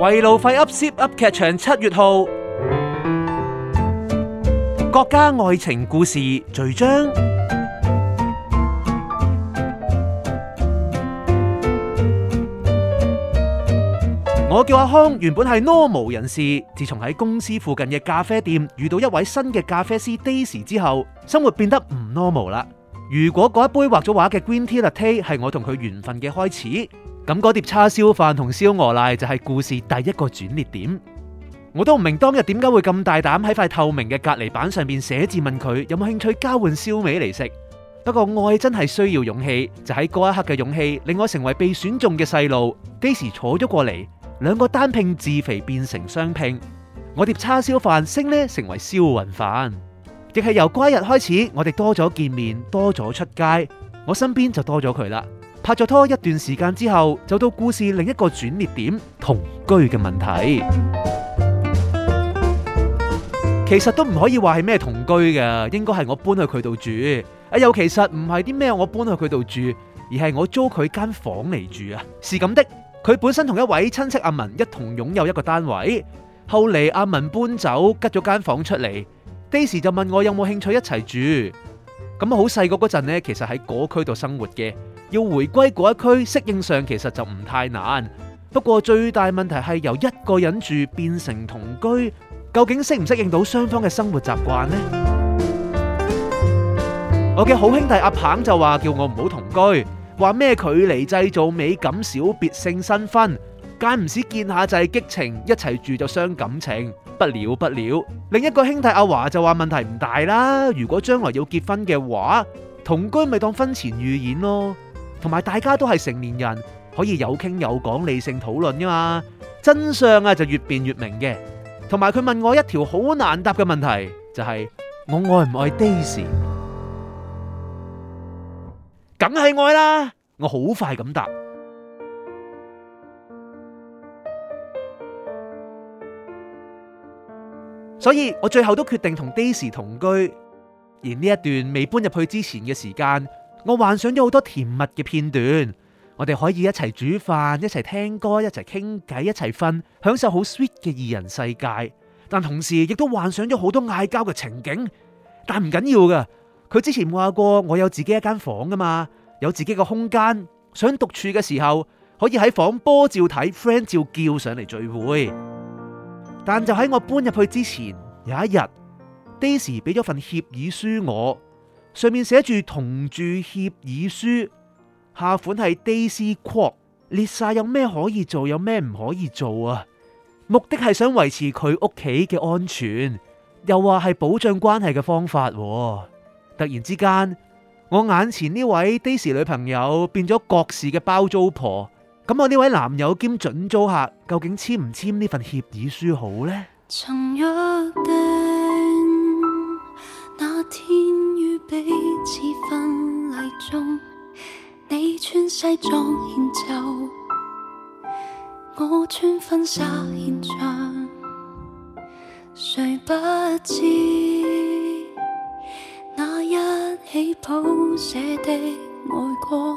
為路費 Zip 噏 Zip 噏劇場七月號，郭家愛情故事序章。我叫阿康，原本係 normal 人士，自從喺公司附近嘅咖啡店遇到一位新嘅咖啡師 Daisy 之後，生活變得唔 normal 啦。如果嗰一杯畫咗畫嘅 green tea latte 係我同佢緣分嘅開始。咁嗰碟叉燒飯同燒鵝瀨就係故事第一個轉捩點，我都唔明當日點解會咁大膽喺塊透明嘅隔離板上面寫字問佢有冇興趣交換燒味嚟食。不過愛真係需要勇氣，就喺嗰一刻嘅勇氣令我成為被選中嘅細路。Daisy 坐咗過嚟，兩個單拼自肥變成雙拼，我碟叉燒飯升呢成為燒雲飯，亦係由嗰一日開始，我哋多咗見面，多咗出街，我身邊就多咗佢啦。拍咗拖一段時間之後，就到故事另一個轉捩點，同居嘅問題。 其實都唔可以話係咩同居噶應該係我搬去佢度住。啊，又其實唔係啲咩，我搬去佢度住，而係我租佢間房嚟住啊，是咁的。佢本身同一位親戚阿文一同擁有一個單位，後嚟阿文搬走，吉咗間房出嚟，Daisy 就問我有冇興趣一齊住。咁好細個嗰陣呢，其實喺嗰區度生活嘅，要回歸嗰一區，適應上其實就唔太難。不過最大問題係由一個人住變成同居，究竟適唔適應到雙方嘅生活習慣呢？我嘅好兄弟阿棒就話叫我唔好同居，話咩距離製造美感，小別，小別勝新婚。間唔時見下就係激情，一齊住就傷感情，不了不了。另一個兄弟阿華就話問題唔大啦，如果將來要結婚嘅話，同居咪當婚前預演咯。同埋大家都係成年人，可以有傾有講，理性討論噶嘛。真相啊就越辯越明嘅。同埋佢問我一條好難答嘅問題，就係、是、我愛唔愛 Daisy？時梗係愛啦，我好快咁答。所以我最後都決定同 Daisy 同居，而呢一段未搬入去之前嘅時間，我幻想咗好多甜蜜嘅片段。我哋可以一齊煮飯，一齊聽歌，一齊傾偈，一齊瞓，享受好 sweet 嘅二人世界。但同時亦都幻想咗好多嗌交嘅情景。但唔緊要噶，佢之前話過我有自己一間房噶嘛，有自己嘅空間，想獨處嘅時候可以喺房波照睇，friend 照叫上嚟聚會。但就喺我搬入去之前，有一日，Daisy 俾咗份協議書我，上面寫住同住協議書，下款係 Daisy Kwok，列晒有咩可以做，有咩唔可以做啊。目的係想維持佢屋企嘅安全，又話係保障關係嘅方法喎啊。突然之間，我眼前呢位 Daisy 女朋友變咗郭氏嘅包租婆。咁我呢位男友兼準租客，究竟簽唔簽呢份協議書好呢？曾約定那那天於彼此婚禮中，你穿穿西裝獻奏，我穿婚紗獻唱，誰不知那一起譜寫的愛歌。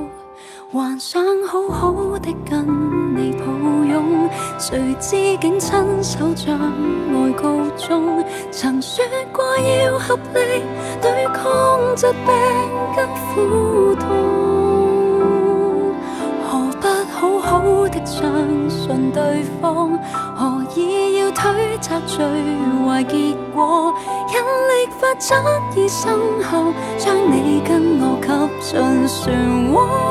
還想好好的跟你抱擁，誰知竟親手將愛告終。曾說過要合力對抗疾病跟苦痛，何不好好的相信對方？何以要推測最壞結果？引力法則已生效，將你跟我吸進漩渦。